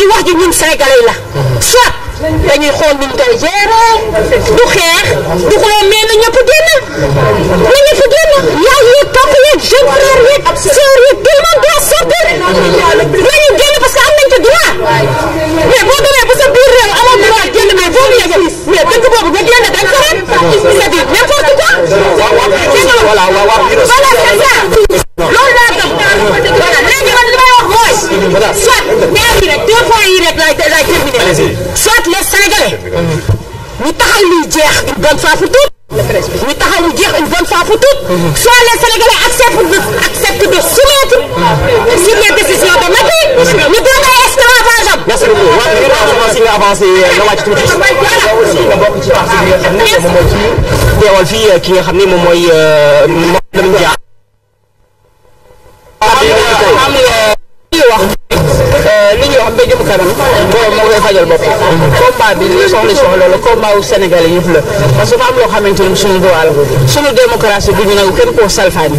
ji wax ji ñun sénégalais la soit dañuy xool nu mu koy gérer du xeex du xuloo mais na ñëpp génn na ñëpp génn yaay yeeg papa yeeg jeune frère yeeg sœur yeeg tout le monde doit sortir nañu génn parce que am nañ ci droit mais boo demee ba sa biir réew amoo droit génn mais boo ñëwee mais dëkk boobu nga génn dañ ko rek c'est-à-dire n'importe quoi voilà c'est ça loolu laa gëm voilà léegi man li may wax mooy soit ñaari rek point yi rek laay laay terminer. soit les Sénégalais. ñu taxaw luy jeex une bonne fois pour toutes. ñu taxaw lu jeex une bonne fois pour toutes. soit les Sénégalais acceptent de acceptent de soumettre sur les décisions de Macky. ñu doon ay esclavage am. merci beaucoup waaw li nga avancé nga euh, avancé nga wàcc tuuti. aussi nga bokk ci parti bi nga xam ne moom mooy fii teewal fii euh, ki nga xam ne moom mooy euh, Mamadou Dia. Euh, li ñuy wax mbéjum kanam borom moo koy fajal bopp combat bi li soxla soxla Sénégal yi ñëpp la parce que dafa am loo xamante ni suñu droit la suñu bu ñu nangu kenn koo salfaañ